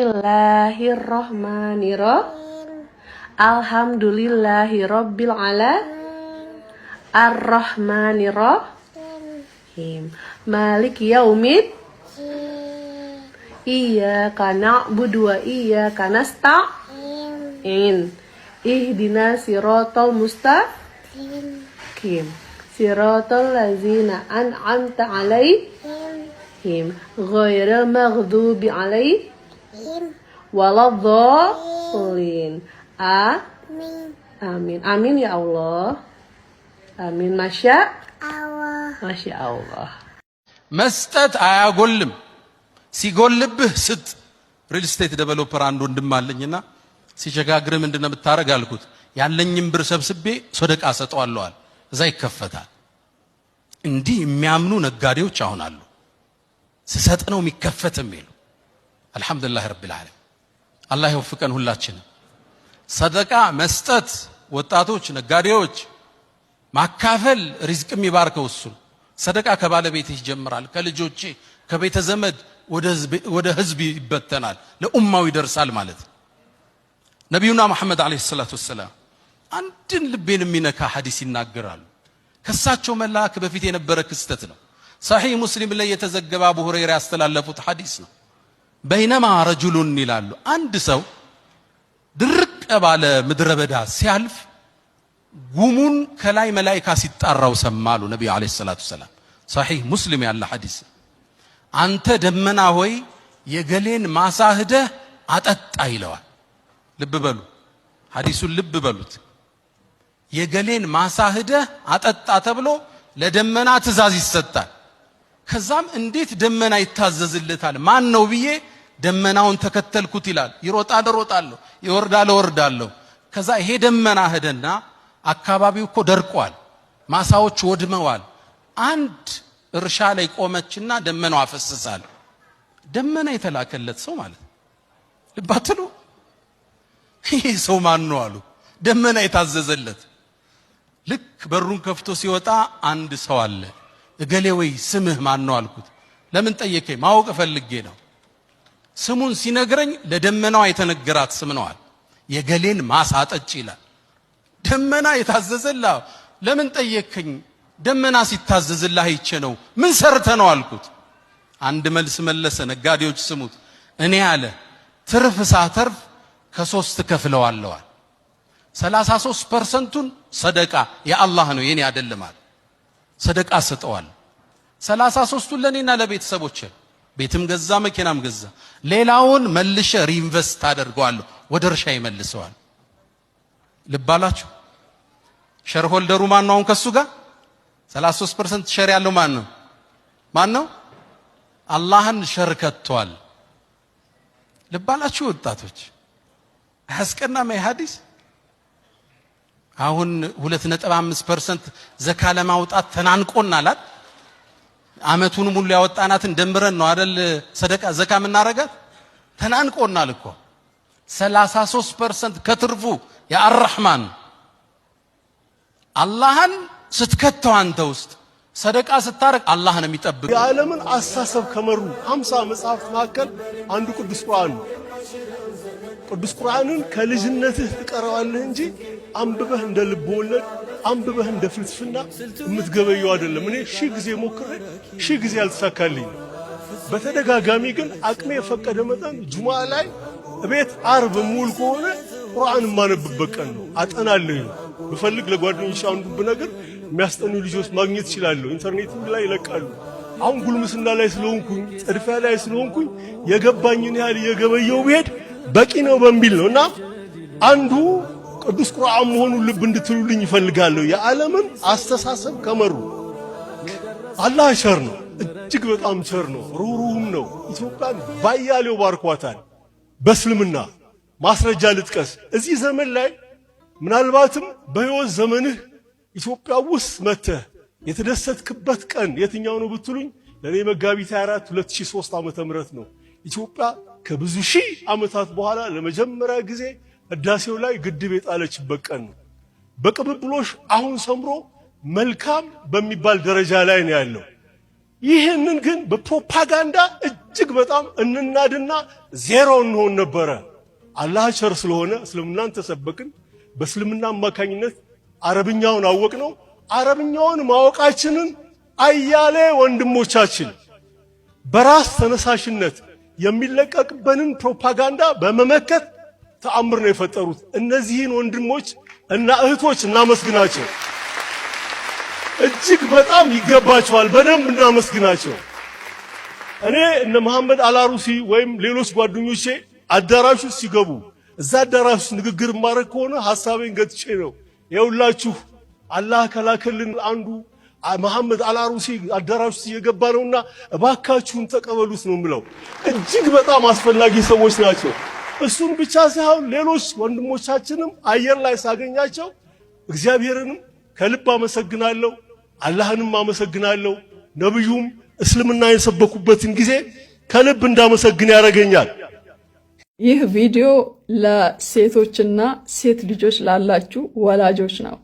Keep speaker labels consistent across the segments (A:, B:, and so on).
A: Bismillahirrahmanirrahim Alhamdulillahirobbil ala ar him, Malik yaumid. Iya karena budua iya karena sta. In. Ihdina sirotol musta. Kim. Sirotol lazina an an'amta alaihim. Ghairil maghdubi alaihim. waladhalin. A Amin. Amin ya Allah. አሚን ማሻ ማሻ አላህ
B: መስጠት አያጎልም። ሲጎልብህ ስጥ። ሪል ስቴት ዴቨሎፐር አንድ ወንድም አለኝና ሲሸጋግር ምንድን ነው የምታደርግ አልኩት። ያለኝም ብር ሰብስቤ ሶደቃ ሰጠዋለሁ። እዛ ይከፈታል። እንዲህ የሚያምኑ ነጋዴዎች አሁን አሉ። ስሰጥ ነው የሚከፈት የሚሉ አልሐምዱሊላህ ረቢል ዓለም አላህ ይወፍቀን ሁላችንም። ሰደቃ መስጠት፣ ወጣቶች፣ ነጋዴዎች ማካፈል፣ ሪዝቅ የሚባርከው እሱን። ሰደቃ ከባለቤት ይጀምራል፣ ከልጆቼ፣ ከቤተ ዘመድ ወደ ህዝብ ይበተናል፣ ለኡማው ይደርሳል ማለት ነው። ነቢዩና መሐመድ ዓለይሂ ሰላቱ ወሰላም አንድን ልቤን የሚነካ ሐዲስ ይናገራሉ። ከሳቸው መላክ በፊት የነበረ ክስተት ነው። ሰሒህ ሙስሊም ላይ የተዘገበ አቡ ሁረይራ ያስተላለፉት ሐዲስ ነው። በይነማ ረጁሉን ይላሉ። አንድ ሰው ድርቅ ባለ ምድረ በዳ ሲያልፍ ጉሙን ከላይ መላይካ ሲጣራው ሰማሉ ነቢዩ ዓለይሂ ሰላቱ ሰላም። ሰሒህ ሙስሊም ያለ ሐዲስ አንተ ደመና ሆይ የገሌን ማሳ ሂደህ አጠጣ ይለዋል። ልብ በሉ ሐዲሱን ልብ በሉት። የገሌን ማሳ ሂደህ አጠጣ ተብሎ ለደመና ትእዛዝ ይሰጣል። ከዛም እንዴት ደመና ይታዘዝለታል ማን ነው ብዬ ደመናውን ተከተልኩት ይላል። ይሮጣ እሮጣለሁ፣ ይወርዳል እወርዳለሁ። ከዛ ይሄ ደመና ሄደና አካባቢው እኮ ደርቋል፣ ማሳዎች ወድመዋል። አንድ እርሻ ላይ ቆመችና ደመናው አፈስሳል። ደመና የተላከለት ሰው ማለት ልባትሉ ይሄ ሰው ማን ነው አሉ። ደመና የታዘዘለት ልክ በሩን ከፍቶ ሲወጣ አንድ ሰው አለ። እገሌ ወይ ስምህ ማን ነው አልኩት። ለምን ጠየቀ? ማወቅ ፈልጌ ነው። ስሙን ሲነግረኝ ለደመናዋ የተነገራት ስም ነዋል። የገሌን ማሳ ጠጭ ይላል። ደመና የታዘዘላ ለምን ጠየከኝ? ደመና ሲታዘዝላ አይቼ ነው። ምን ሰርተ ነው አልኩት። አንድ መልስ መለሰ። ነጋዴዎች ስሙት። እኔ አለ ትርፍ ሳተርፍ ከሶስት ከፍለዋለዋል። ሰላሳ ሶስት ፐርሰንቱን ሰደቃ የአላህ ነው የኔ አይደለም ሰደቃ ሰጠዋል። ሰላሳ ሶስቱን ለእኔና ለቤተሰቦች ቤትም ገዛ መኪናም ገዛ። ሌላውን መልሸ ሪኢንቨስት አደርገዋለሁ፣ ወደ እርሻ ይመልሰዋል። ልባላችሁ ሸርሆልደሩ ሆልደሩ ማን ነው? አሁን ከሱ ጋር 33% ሸር ያለው ማን ነው? ማን ነው? አላህን ሸር ከቷል። ልባላችሁ ወጣቶች አያስቀናም ይህ ሀዲስ። አሁን 2.5 ፐርሰንት ዘካ ለማውጣት ተናንቆናላት። አመቱን ሙሉ ያወጣናትን ደምረን ነው አይደል ሰደቃ ዘካ የምናረጋት። ተናንቆናል እኮ 33 ፐርሰንት ከትርፉ የአራህማን አላህን ስትከተው አንተ ውስጥ ሰደቃ ስታረግ አላህ ነው የሚጠብቅ።
C: የዓለምን አሳሰብ ከመሩ 50 መጽሐፍት መካከል አንዱ ቅዱስ ቁርአን ነው። ቅዱስ ቁርአንን ከልጅነትህ ትቀረዋለህ እንጂ አንብበህ እንደ ልብ ወለድ አንብበህ እንደ ፍልስፍና የምትገበየው አይደለም። እኔ ሺህ ጊዜ ሞክሬ ሺህ ጊዜ አልተሳካልኝ። በተደጋጋሚ ግን አቅሜ የፈቀደ መጠን ጁማ ላይ ቤት አርብ ሙል ከሆነ ቁርአን የማነብበት ቀን ነው። አጠናለሁ። ብፈልግ ለጓደኞች አንዱ ነገር የሚያስጠኑ ልጆች ማግኘት ይችላለሁ። ኢንተርኔት ላይ ይለቃሉ። አሁን ጉልምስና ላይ ስለሆንኩኝ ጥድፊያ ላይ ስለሆንኩኝ የገባኝን ያህል የገበየው ብሄድ በቂ ነው በሚል ነው እና አንዱ ቅዱስ ቁርአን መሆኑን ልብ እንድትሉልኝ ይፈልጋለሁ። የዓለምን አስተሳሰብ ከመሩ አላህ ቸር ነው፣ እጅግ በጣም ቸር ነው፣ ሩህሩህም ነው። ኢትዮጵያን ባያሌው ባርኳታል። በእስልምና ማስረጃ ልጥቀስ። እዚህ ዘመን ላይ ምናልባትም በሕይወት ዘመንህ ኢትዮጵያ ውስጥ መጥተህ የተደሰትክበት ቀን የትኛው ነው ብትሉኝ ለእኔ መጋቢት 24 2003 ዓመተ ነው። ኢትዮጵያ ከብዙ ሺህ ዓመታት በኋላ ለመጀመሪያ ጊዜ ህዳሴው ላይ ግድብ የጣለችበት ቀን ነው። በቅብብሎሽ አሁን ሰምሮ መልካም በሚባል ደረጃ ላይ ነው ያለው። ይህንን ግን በፕሮፓጋንዳ እጅግ በጣም እንናድና ዜሮ እንሆን ነበረ። አላህ ቸር ስለሆነ እስልምናን ተሰበክን። በእስልምና አማካኝነት አረብኛውን አወቅ ነው። አረብኛውን ማወቃችንን አያሌ ወንድሞቻችን በራስ ተነሳሽነት የሚለቀቅበንን ፕሮፓጋንዳ በመመከት ተአምር ነው የፈጠሩት። እነዚህን ወንድሞች እና እህቶች እናመስግናቸው። እጅግ በጣም ይገባቸዋል። በደንብ እናመስግናቸው። እኔ እነ መሐመድ አላሩሲ ወይም ሌሎች ጓደኞቼ አዳራሹ ሲገቡ እዛ አዳራሹ ንግግር ማድረግ ከሆነ ሐሳቤን ገትቼ ነው የውላችሁ አላህ ከላከልን አንዱ መሐመድ አላሩሲ አዳራሹ እየገባ ነውና እባካችሁን ተቀበሉት ነው የምለው። እጅግ በጣም አስፈላጊ ሰዎች ናቸው። እሱን ብቻ ሳይሆን ሌሎች ወንድሞቻችንም አየር ላይ ሳገኛቸው እግዚአብሔርንም ከልብ አመሰግናለሁ፣ አላህንም አመሰግናለሁ። ነብዩም እስልምና የሰበኩበትን ጊዜ ከልብ እንዳመሰግን ያደርገኛል።
D: ይህ ቪዲዮ ለሴቶችና ሴት ልጆች ላላችሁ ወላጆች ነው።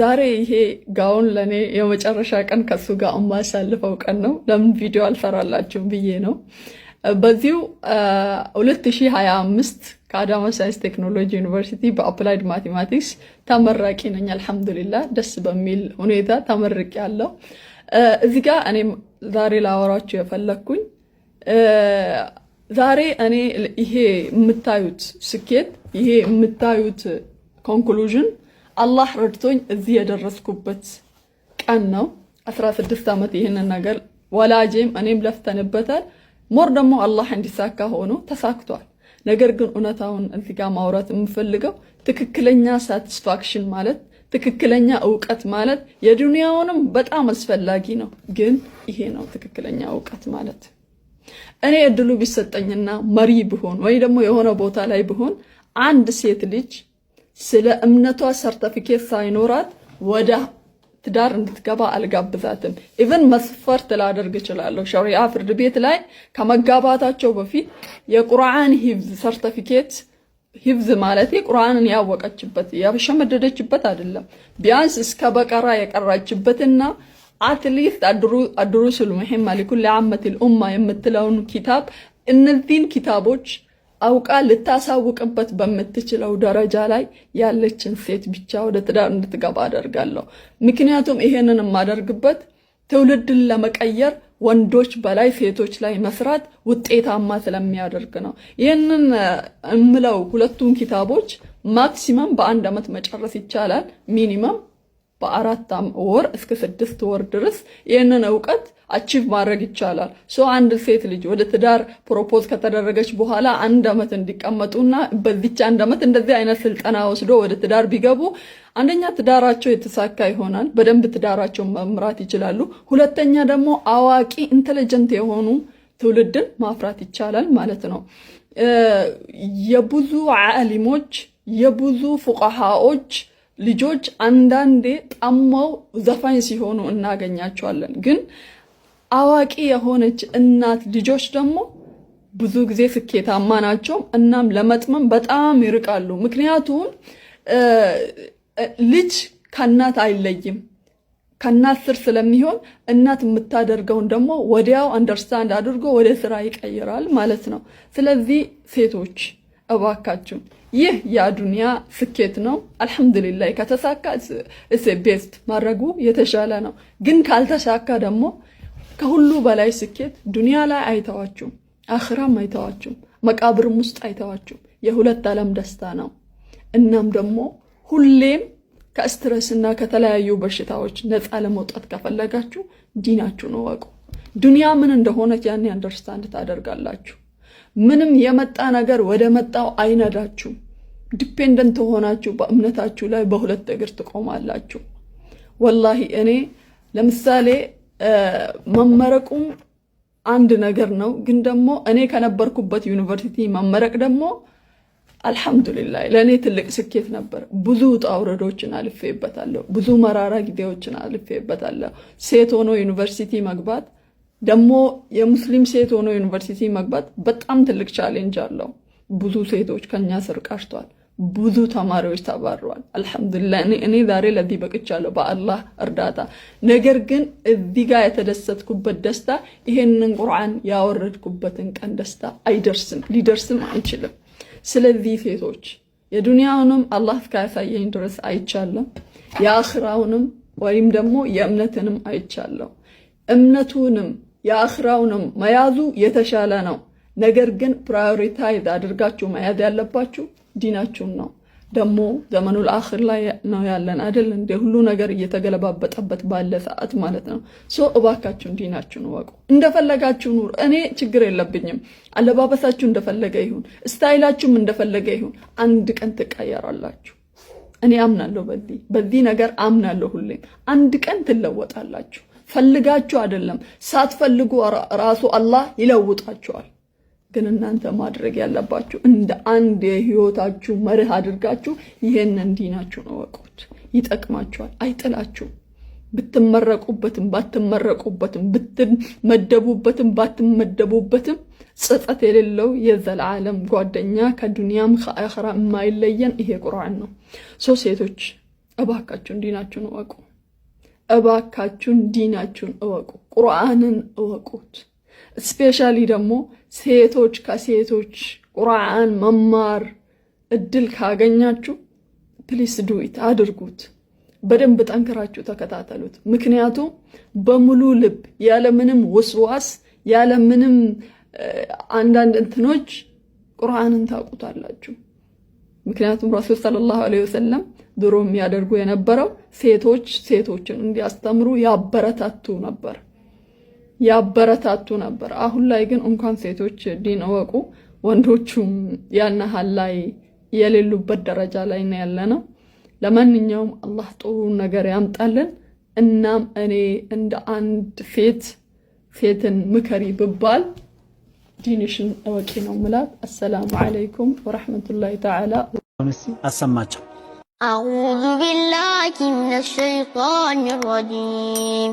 D: ዛሬ ይሄ ጋውን ለእኔ የመጨረሻ ቀን ከሱ ጋር የማሳልፈው ቀን ነው። ለምን ቪዲዮ አልሰራላችሁም ብዬ ነው። በዚሁ 2025 ከአዳማ ሳይንስ ቴክኖሎጂ ዩኒቨርሲቲ በአፕላይድ ማቴማቲክስ ተመራቂ ነኝ። አልሐምዱሊላ ደስ በሚል ሁኔታ ተመርቅ ያለው እዚ ጋ እኔም ዛሬ ላወራችሁ የፈለግኩኝ ዛሬ እኔ ይሄ የምታዩት ስኬት ይሄ የምታዩት ኮንክሉዥን አላህ ረድቶኝ እዚህ የደረስኩበት ቀን ነው። 16 ዓመት ይህንን ነገር ወላጄም እኔም ለፍተንበታል። ሞር ደግሞ አላህ እንዲሳካ ሆኖ ተሳክቷል። ነገር ግን እውነታውን እዚህ ጋር ማውራት የምፈልገው ትክክለኛ ሳቲስፋክሽን ማለት ትክክለኛ እውቀት ማለት የዱንያውንም በጣም አስፈላጊ ነው። ግን ይሄ ነው ትክክለኛ እውቀት ማለት። እኔ እድሉ ቢሰጠኝና መሪ ብሆን ወይ ደግሞ የሆነ ቦታ ላይ ብሆን አንድ ሴት ልጅ ስለ እምነቷ ሰርተፊኬት ሳይኖራት ወደ ትዳር እንድትገባ አልጋብዛትም። ኢቨን መስፈርት ላደርግ እችላለሁ። ሸሪያ ፍርድ ቤት ላይ ከመጋባታቸው በፊት የቁርአን ሂብዝ ሰርተፊኬት ሂብዝ ማለት ቁርአንን ያወቀችበት ያሸመደደችበት አይደለም። ቢያንስ እስከ በቀራ የቀራችበትና አትሊስት አድሩስ ልሙሒማ ሊኩል ዓመት ልኡማ የምትለውን ኪታብ እነዚህን ኪታቦች አውቃ ልታሳውቅበት በምትችለው ደረጃ ላይ ያለችን ሴት ብቻ ወደ ትዳር እንድትገባ አደርጋለሁ። ምክንያቱም ይሄንን የማደርግበት ትውልድን ለመቀየር ወንዶች በላይ ሴቶች ላይ መስራት ውጤታማ ስለሚያደርግ ነው። ይህንን እምለው ሁለቱን ኪታቦች ማክሲመም በአንድ ዓመት መጨረስ ይቻላል። ሚኒመም በአራት ወር እስከ ስድስት ወር ድረስ ይህንን እውቀት አቺቭ ማድረግ ይቻላል። ሶ አንድ ሴት ልጅ ወደ ትዳር ፕሮፖዝ ከተደረገች በኋላ አንድ ዓመት እንዲቀመጡና በዚች አንድ አመት እንደዚህ አይነት ስልጠና ወስዶ ወደ ትዳር ቢገቡ አንደኛ ትዳራቸው የተሳካ ይሆናል። በደንብ ትዳራቸውን መምራት ይችላሉ። ሁለተኛ ደግሞ አዋቂ ኢንተለጀንት የሆኑ ትውልድን ማፍራት ይቻላል ማለት ነው። የብዙ አሊሞች የብዙ ፉቃሃዎች ልጆች አንዳንዴ ጣማው ዘፋኝ ሲሆኑ እናገኛቸዋለን ግን አዋቂ የሆነች እናት ልጆች ደግሞ ብዙ ጊዜ ስኬታማ ናቸው። እናም ለመጥመም በጣም ይርቃሉ። ምክንያቱም ልጅ ከእናት አይለይም ከእናት ስር ስለሚሆን እናት የምታደርገውን ደግሞ ወዲያው አንደርስታንድ አድርጎ ወደ ስራ ይቀይራል ማለት ነው። ስለዚህ ሴቶች እባካችሁ ይህ የአዱንያ ስኬት ነው። አልሐምዱሊላህ ከተሳካ ቤስት ማድረጉ የተሻለ ነው። ግን ካልተሳካ ደግሞ ከሁሉ በላይ ስኬት ዱንያ ላይ አይተዋችሁም፣ አኽራም አይተዋችሁም፣ መቃብርም ውስጥ አይተዋችሁም። የሁለት ዓለም ደስታ ነው። እናም ደግሞ ሁሌም ከስትረስ እና ከተለያዩ በሽታዎች ነፃ ለመውጣት ከፈለጋችሁ ዲናችሁን እወቁ። ዱንያ ምን እንደሆነች ያን አንደርስታንድ ታደርጋላችሁ። ምንም የመጣ ነገር ወደ መጣው አይነዳችሁም። ዲፔንደንት ሆናችሁ በእምነታችሁ ላይ በሁለት እግር ትቆማላችሁ። ወላሂ እኔ ለምሳሌ መመረቁም አንድ ነገር ነው። ግን ደግሞ እኔ ከነበርኩበት ዩኒቨርሲቲ መመረቅ ደግሞ አልሐምዱሊላ ለእኔ ትልቅ ስኬት ነበር። ብዙ ውጣ ውረዶችን አልፌበታለሁ። ብዙ መራራ ጊዜዎችን አልፌበታለሁ። ሴት ሆኖ ዩኒቨርሲቲ መግባት ደግሞ የሙስሊም ሴት ሆኖ ዩኒቨርሲቲ መግባት በጣም ትልቅ ቻሌንጅ አለው። ብዙ ሴቶች ከኛ ስር ቀርቷል። ብዙ ተማሪዎች ተባረዋል። አልሐምዱሊላ እኔ ዛሬ ለዚህ በቅቻለሁ በአላህ እርዳታ። ነገር ግን እዚህ ጋር የተደሰትኩበት ደስታ ይሄንን ቁርአን ያወረድኩበትን ቀን ደስታ አይደርስም፣ ሊደርስም አይችልም። ስለዚህ ሴቶች የዱንያውንም አላህ እስካያሳየኝ ድረስ አይቻለም፣ የአኽራውንም ወይም ደግሞ የእምነትንም አይቻለሁ። እምነቱንም የአኽራውንም መያዙ የተሻለ ነው። ነገር ግን ፕራዮሪታይዝ አድርጋችሁ መያዝ ያለባችሁ ዲናችሁን ነው። ደግሞ ዘመኑ አኽር ላይ ነው ያለን አይደል? እንደ ሁሉ ነገር እየተገለባበጠበት ባለ ሰዓት ማለት ነው። ሶ እባካችሁን ዲናችሁን እወቁ። እንደፈለጋችሁ ኑር፣ እኔ ችግር የለብኝም። አለባበሳችሁ እንደፈለገ ይሁን፣ ስታይላችሁም እንደፈለገ ይሁን። አንድ ቀን ትቀየራላችሁ። እኔ አምናለሁ፣ በዚህ በዚህ ነገር አምናለሁ። ሁሌም አንድ ቀን ትለወጣላችሁ። ፈልጋችሁ አይደለም፣ ሳትፈልጉ ራሱ አላህ ይለውጣችኋል። ግን እናንተ ማድረግ ያለባችሁ እንደ አንድ የህይወታችሁ መርህ አድርጋችሁ ይህን እንዲህ ነው ወቁት። ይጠቅማችኋል፣ አይጥላችሁም። ብትመረቁበትም ባትመረቁበትም ብትመደቡበትም ባትመደቡበትም ጸጸት የሌለው የዘላለም ጓደኛ ከዱንያም ከአኸራ የማይለየን ይሄ ቁርአን ነው። ሶ ሴቶች እባካችሁን ዲናችሁን እወቁ። እባካችሁን ዲናችሁን እወቁ። ቁርአንን እወቁት። ስፔሻሊ ደግሞ ሴቶች ከሴቶች ቁርአን መማር እድል ካገኛችሁ ፕሊስ ዱዊት አድርጉት። በደንብ ጠንክራችሁ ተከታተሉት። ምክንያቱም በሙሉ ልብ ያለምንም ውስዋስ ያለምንም አንዳንድ እንትኖች ቁርአንን ታውቁታላችሁ። ምክንያቱም ረሱል ሰለላሁ ዐለይሂ ወሰለም ድሮ የሚያደርጉ የነበረው ሴቶች ሴቶችን እንዲያስተምሩ ያበረታቱ ነበር። ያበረታቱ ነበር። አሁን ላይ ግን እንኳን ሴቶች ዲን እወቁ ወንዶቹም ያን ሀል ላይ የሌሉበት ደረጃ ላይ ነው ያለ ነው። ለማንኛውም አላህ ጥሩ ነገር ያምጣልን። እናም እኔ እንደ አንድ ሴት ሴትን ምከሪ ብባል ዲንሽን እወቂ ነው ምላት። አሰላሙ አለይኩም ወረሕመቱላሂ ተዓላ
E: አሰማቸው። አዑዙ ቢላሂ ሚነ ሸይጣኒ ረጂም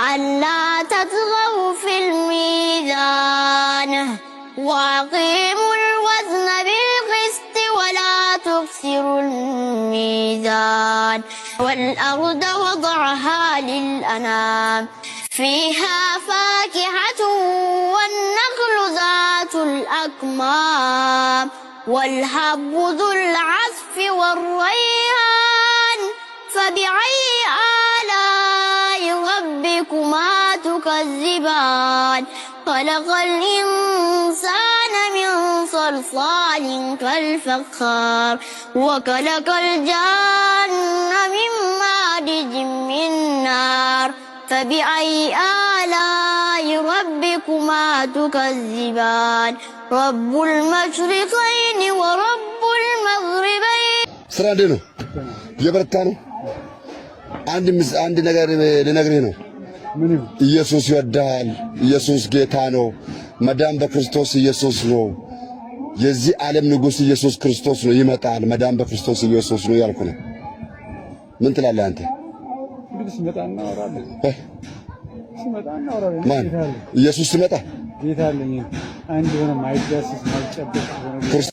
E: ألا تطغوا في الميزان وأقيموا الوزن بالقسط ولا تخسروا الميزان والأرض وضعها للأنام فيها فاكهة والنخل ذات الأكمام والهب ذو العصف والريان فبعي آه ربكما تكذبان خلق الإنسان من صلصال كالفخار وخلق الجن من مارج من نار فبأي آلاء ربكما تكذبان رب المشرقين ورب المغربين
F: سرادينو يبرتانو عندي مس عندي نغير لنغرينو ኢየሱስ ይወድሃል። ኢየሱስ ጌታ ነው። መዳን በክርስቶስ ኢየሱስ ነው። የዚህ ዓለም ንጉሥ ኢየሱስ ክርስቶስ ነው። ይመጣል። መዳን በክርስቶስ ኢየሱስ ነው ያልኩ ነው። ምን ትላለህ አንተ? ኢየሱስ
G: ሲመጣ